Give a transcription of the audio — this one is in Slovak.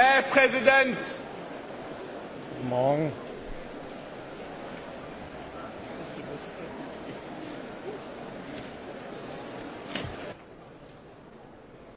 Herr Präsident! Morgen.